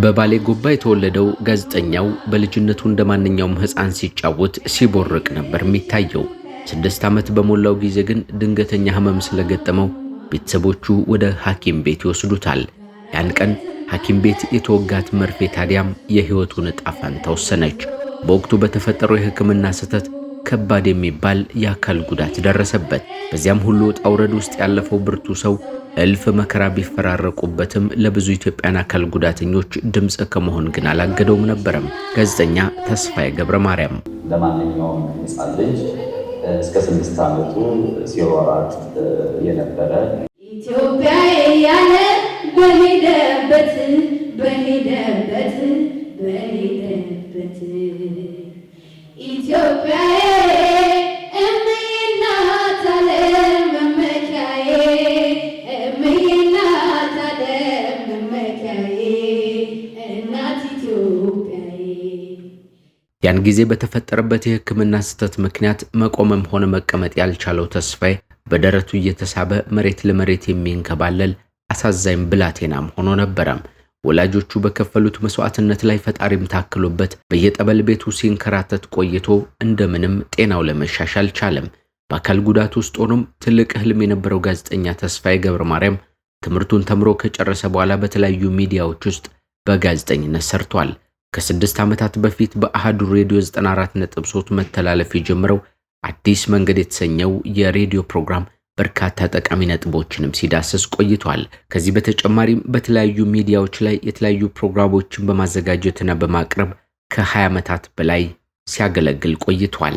በባሌ ጎባ የተወለደው ጋዜጠኛው በልጅነቱ እንደ ማንኛውም ሕፃን ሲጫወት ሲቦርቅ ነበር የሚታየው። ስድስት ዓመት በሞላው ጊዜ ግን ድንገተኛ ህመም ስለገጠመው ቤተሰቦቹ ወደ ሐኪም ቤት ይወስዱታል። ያን ቀን ሐኪም ቤት የተወጋት መርፌ ታዲያም የሕይወቱን ዕጣ ፈንታ ወሰነች። በወቅቱ በተፈጠረው የሕክምና ስህተት ከባድ የሚባል የአካል ጉዳት ደረሰበት። በዚያም ሁሉ ውጣ ውረድ ውስጥ ያለፈው ብርቱ ሰው እልፍ መከራ ቢፈራረቁበትም ለብዙ ኢትዮጵያን አካል ጉዳተኞች ድምፅ ከመሆን ግን አላገደውም ነበረም። ጋዜጠኛ ተስፋዬ ገብረ ማርያም ለማንኛውም ሕፃን ልጅ እስከ ስድስት ዓመቱ ሲወራት የነበረ ኢትዮጵያ ያለ በሄደበት ያን ጊዜ በተፈጠረበት የሕክምና ስህተት ምክንያት መቆምም ሆነ መቀመጥ ያልቻለው ተስፋዬ በደረቱ እየተሳበ መሬት ለመሬት የሚንከባለል አሳዛኝ ብላቴናም ሆኖ ነበረም። ወላጆቹ በከፈሉት መስዋዕትነት ላይ ፈጣሪም ታክሎበት በየጠበል ቤቱ ሲንከራተት ቆይቶ እንደምንም ጤናው ለመሻሻል ቻለም። በአካል ጉዳት ውስጥ ሆኖም ትልቅ ህልም የነበረው ጋዜጠኛ ተስፋዬ ገብረ ማርያም ትምህርቱን ተምሮ ከጨረሰ በኋላ በተለያዩ ሚዲያዎች ውስጥ በጋዜጠኝነት ሰርቷል። ከስድስት ዓመታት በፊት በአህዱ ሬዲዮ 94.3 መተላለፍ የጀመረው አዲስ መንገድ የተሰኘው የሬዲዮ ፕሮግራም በርካታ ጠቃሚ ነጥቦችንም ሲዳሰስ ቆይቷል። ከዚህ በተጨማሪም በተለያዩ ሚዲያዎች ላይ የተለያዩ ፕሮግራሞችን በማዘጋጀትና በማቅረብ ከ20 ዓመታት በላይ ሲያገለግል ቆይቷል።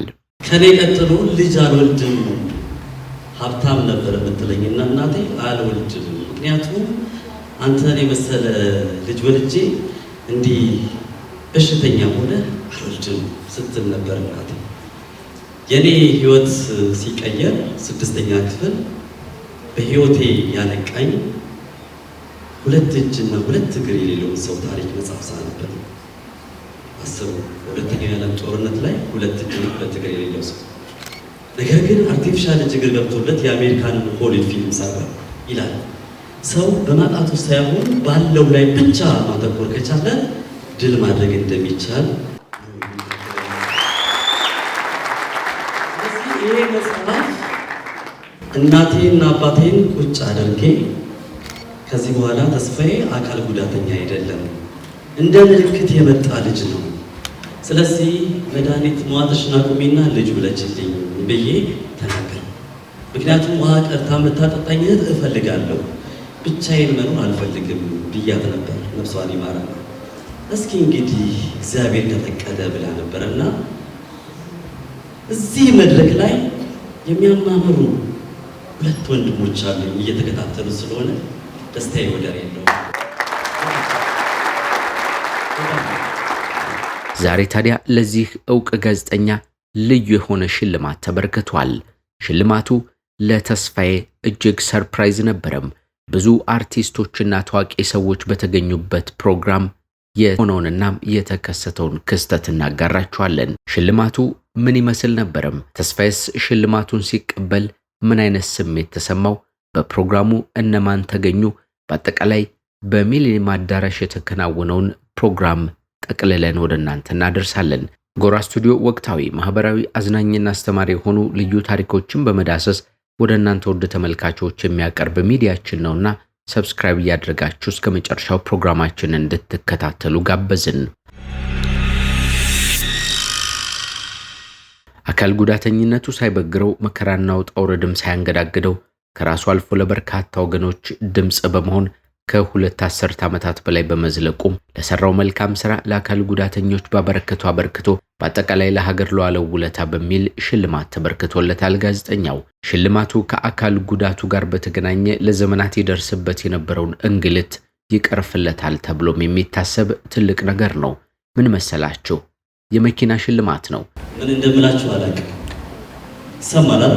ከኔ ቀጥሎ ልጅ አልወልድም ሀብታም ነበር የምትለኝና እናቴ አልወልድም፣ ምክንያቱም አንተን የመሰለ ልጅ ወልጄ እንዲህ በሽተኛ ሆነ አልወልድም ስትል ነበር እናቴ የኔ ህይወት ሲቀየር ስድስተኛ ክፍል በህይወቴ ያነቃኝ ሁለት እጅና ሁለት እግር የሌለውን ሰው ታሪክ መጽሐፍ ሳነብ አስቡ። ሁለተኛው የዓለም ጦርነት ላይ ሁለት እጅና ሁለት እግር የሌለው ሰው ነገር ግን አርቲፊሻል እጅ እግር ገብቶለት የአሜሪካንን ሆሊድ ፊልም ሰራ ይላል። ሰው በማጣቱ ሳይሆን ባለው ላይ ብቻ ማተኮር ከቻለ ድል ማድረግ እንደሚቻል እናቴና አባቴን ቁጭ አድርጌ ከዚህ በኋላ ተስፋዬ አካል ጉዳተኛ አይደለም፣ እንደ ምልክት የመጣ ልጅ ነው። ስለዚህ መድኃኒት መዋጥሽን አቁሚና ልጅ ብለችልኝ ብዬ ተናገር። ምክንያቱም ውሃ ቀርታ የምታጠጣኝ እህት እፈልጋለሁ፣ ብቻዬን መኖር አልፈልግም ብያት ነበር። ነፍሷን ይማራ። እስኪ እንግዲህ እግዚአብሔር ከፈቀደ ብላ ነበረና እዚህ መድረክ ላይ የሚያማምሩ ሁለት ወንድሞች አሉ እየተከታተሉ ስለሆነ ደስታ ወደር የለው። ዛሬ ታዲያ ለዚህ እውቅ ጋዜጠኛ ልዩ የሆነ ሽልማት ተበርክቷል። ሽልማቱ ለተስፋዬ እጅግ ሰርፕራይዝ ነበረም። ብዙ አርቲስቶችና ታዋቂ ሰዎች በተገኙበት ፕሮግራም የሆነውንና የተከሰተውን ክስተት እናጋራችኋለን። ሽልማቱ ምን ይመስል ነበርም። ተስፋዬስ ሽልማቱን ሲቀበል ምን አይነት ስሜት ተሰማው? በፕሮግራሙ እነማን ተገኙ? በአጠቃላይ በሚሊኒየም አዳራሽ የተከናወነውን ፕሮግራም ጠቅልለን ወደ እናንተ እናደርሳለን። ጎራ ስቱዲዮ ወቅታዊ፣ ማህበራዊ፣ አዝናኝና አስተማሪ የሆኑ ልዩ ታሪኮችን በመዳሰስ ወደ እናንተ ውድ ተመልካቾች የሚያቀርብ ሚዲያችን ነውና ሰብስክራይብ እያደረጋችሁ እስከ መጨረሻው ፕሮግራማችን እንድትከታተሉ ጋበዝን። አካል ጉዳተኝነቱ ሳይበግረው መከራና ውጣ ውረድም ሳያንገዳግደው ከራሱ አልፎ ለበርካታ ወገኖች ድምፅ በመሆን ከሁለት አስርት ዓመታት በላይ በመዝለቁም ለሰራው መልካም ስራ ለአካል ጉዳተኞች ባበረከቱ አበርክቶ በአጠቃላይ ለሀገር ለዋለው ውለታ በሚል ሽልማት ተበርክቶለታል። ጋዜጠኛው ሽልማቱ ከአካል ጉዳቱ ጋር በተገናኘ ለዘመናት ይደርስበት የነበረውን እንግልት ይቀርፍለታል ተብሎም የሚታሰብ ትልቅ ነገር ነው። ምን መሰላችሁ? የመኪና ሽልማት ነው። ምን እንደምላችሁ አላውቅም። ይሰማላል።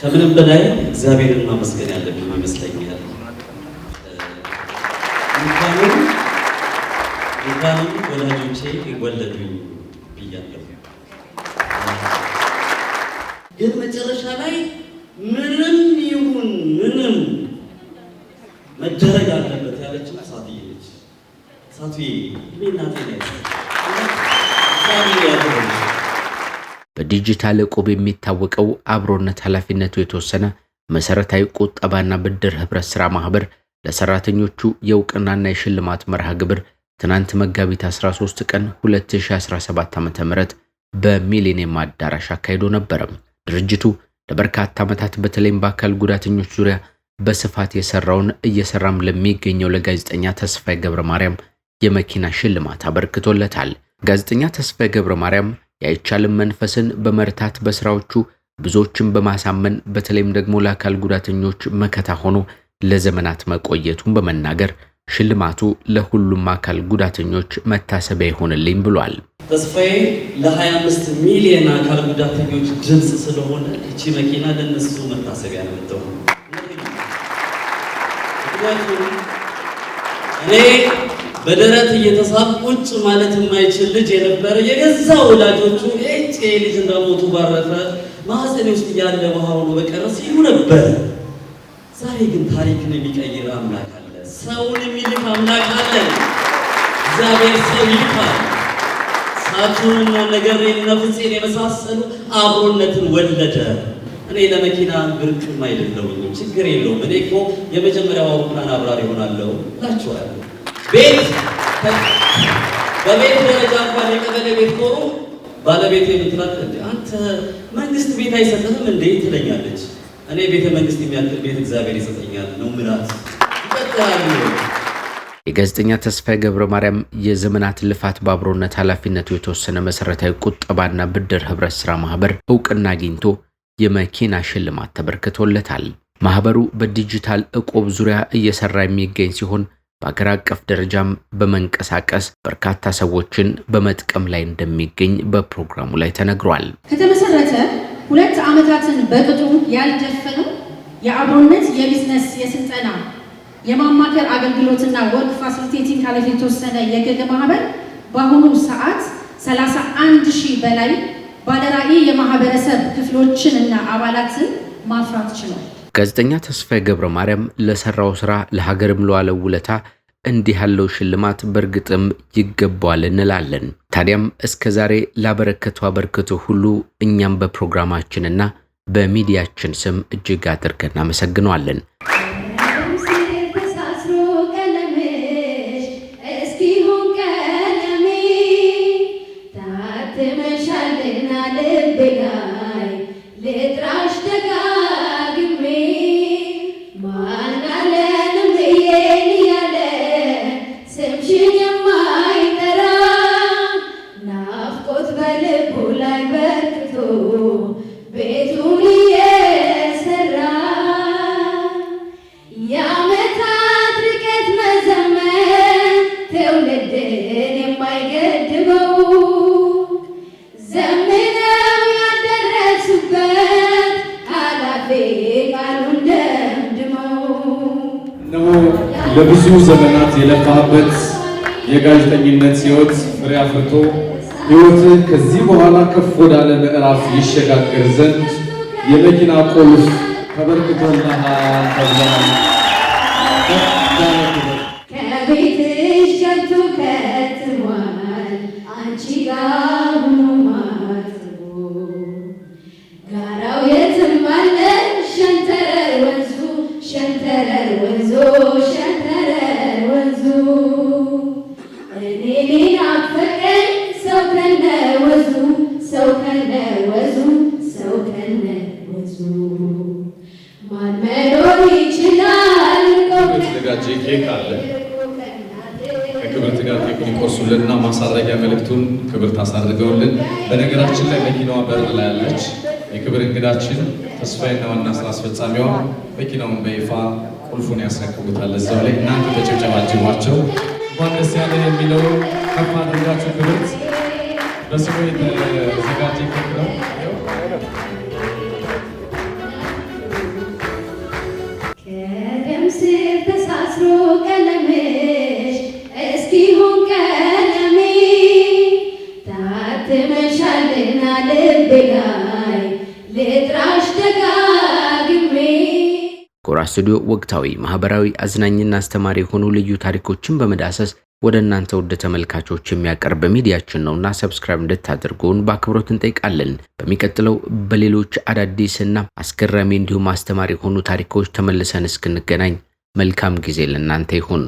ከምንም በላይ እግዚአብሔርን ማመስገን ያለብን ይመስለኛል። እንኳንም ወላጆቼ ወለዱኝ ብያለሁ። ግን መጨረሻ ላይ ምንም ይሁን ምንም መደረግ አለበት በዲጂታል ዕቁብ የሚታወቀው አብሮነት ኃላፊነቱ የተወሰነ መሰረታዊ ቁጠባና ብድር ህብረት ስራ ማህበር ለሰራተኞቹ የእውቅናና የሽልማት መርሃ ግብር ትናንት መጋቢት 13 ቀን 2017 ዓ.ም በሚሌኒየም አዳራሽ አካሂዶ ነበረ። ድርጅቱ ለበርካታ ዓመታት በተለይም በአካል ጉዳተኞች ዙሪያ በስፋት የሰራውን እየሰራም ለሚገኘው ለጋዜጠኛ ተስፋዬ ገብረ ማርያም የመኪና ሽልማት አበርክቶለታል። ጋዜጠኛ ተስፋዬ ገብረ ማርያም የአይቻልም መንፈስን በመርታት በስራዎቹ ብዙዎችን በማሳመን በተለይም ደግሞ ለአካል ጉዳተኞች መከታ ሆኖ ለዘመናት መቆየቱን በመናገር ሽልማቱ ለሁሉም አካል ጉዳተኞች መታሰቢያ ይሆንልኝ ብሏል። ተስፋዬ ለ25 ሚሊዮን አካል ጉዳተኞች ድምፅ ስለሆነ እቺ መኪና ለነሱ መታሰቢያ ነው እኔ በደረት እየተሳብ ቁጭ ማለት የማይችል ልጅ የነበረ የገዛ ወላጆቹ ጭ ልጅ እንደሞቱ ባረፈ ማህፀኔ ውስጥ ያለ ውሃ በቀረ ሲሉ ነበር። ዛሬ ግን ታሪክን የሚቀይር አምላክ ሰውን የሚልክ አምላክ አለን። እግዚአብሔር ሰው ይልካል። ሳቱንና ነገር ነፍሴን የመሳሰሉ አብሮነትን ወለደ። እኔ ለመኪና ብርቅም አይደለሁኝም፣ ችግር የለውም። እኔ እኮ የመጀመሪያው አውሮፕላን አብራሪ ይሆናለሁ እላችኋለሁ። ቤት በቤት ደረጃ እንኳን የቀበሌ ቤት ኖሩ ባለቤት የምትላት እንዴ አንተ መንግስት ቤት አይሰጥህም እንዴ ትለኛለች። እኔ ቤተ መንግስት የሚያክል ቤት እግዚአብሔር ይሰጠኛል ነው ምላት የጋዜጠኛ ተስፋዬ ገብረ ማርያም የዘመናት ልፋት በአብሮነት ኃላፊነቱ የተወሰነ መሰረታዊ ቁጠባና ብድር ህብረት ስራ ማህበር እውቅና አግኝቶ የመኪና ሽልማት ተበርክቶለታል። ማህበሩ በዲጂታል እቆብ ዙሪያ እየሰራ የሚገኝ ሲሆን በአገር አቀፍ ደረጃም በመንቀሳቀስ በርካታ ሰዎችን በመጥቀም ላይ እንደሚገኝ በፕሮግራሙ ላይ ተነግሯል። ከተመሰረተ ሁለት ዓመታትን በቅጡ ያልደፈነው የአብሮነት የቢዝነስ የስልጠና የማማከር አገልግሎትና ወርክ ፋሲሊቴቲንግ ካለፍ የተወሰነ የግል ማህበር በአሁኑ ሰዓት 31 ሺህ በላይ ባለራዕይ የማህበረሰብ ክፍሎችንና አባላትን ማፍራት ችሏል። ጋዜጠኛ ተስፋዬ ገብረ ማርያም ለሰራው ስራ ለሀገርም ለዋለው ውለታ እንዲህ ያለው ሽልማት በእርግጥም ይገባዋል እንላለን። ታዲያም እስከ ዛሬ ላበረከቱ አበርክቶ ሁሉ እኛም በፕሮግራማችንና በሚዲያችን ስም እጅግ አድርገን እናመሰግነዋለን። ಕ್ಷೇತ್ರಾಷ್ಟಕ ለብዙ ዘመናት የለፋበት የጋዜጠኝነት ህይወት ፍሬ አፍርቶ ሕይወትን ከዚህ በኋላ ከፍ ወዳለ ምዕራፍ ይሸጋገር ዘንድ የመኪና ቁልፍ ተበርክቶና ተብለ ከክብርት ጋር ቴክኒክ እና ማሳረጊያ መልእክቱን ክብር ታሳርገውልን። በነገራችን ላይ መኪናዋ በር ላይ አለች። የክብር እንግዳችን ተስፋዬና ዋና ስራ አስፈጻሚዋ መኪናውን በይፋ ቁልፉን ያስረክቡታል። እዛው ላይ እናንተ ተጨብጨባችኋቸው። እንኳን ደስ ያለ የሚለው ከፍ አድርጋችሁ ክብርት በስሙ የተዘጋጀ ክብረው ከደም ተሳስሮ ቀለምሽ እስኪሆን ቀለሜ ታትመሻልና ልቤ ጋር አርስዶ ወቅታዊ፣ ማህበራዊ፣ አዝናኝና አስተማሪ የሆኑ ልዩ ታሪኮችን በመዳሰስ ወደ እናንተ ወደ ተመልካቾች የሚያቀርብ ሚዲያችን ነውና ሰብስክራይብ እንድታደርጉን በአክብሮት እንጠይቃለን። በሚቀጥለው በሌሎች አዳዲስና አስገራሚ እንዲሁም አስተማሪ የሆኑ ታሪኮች ተመልሰን እስክንገናኝ መልካም ጊዜ ለእናንተ ይሁን።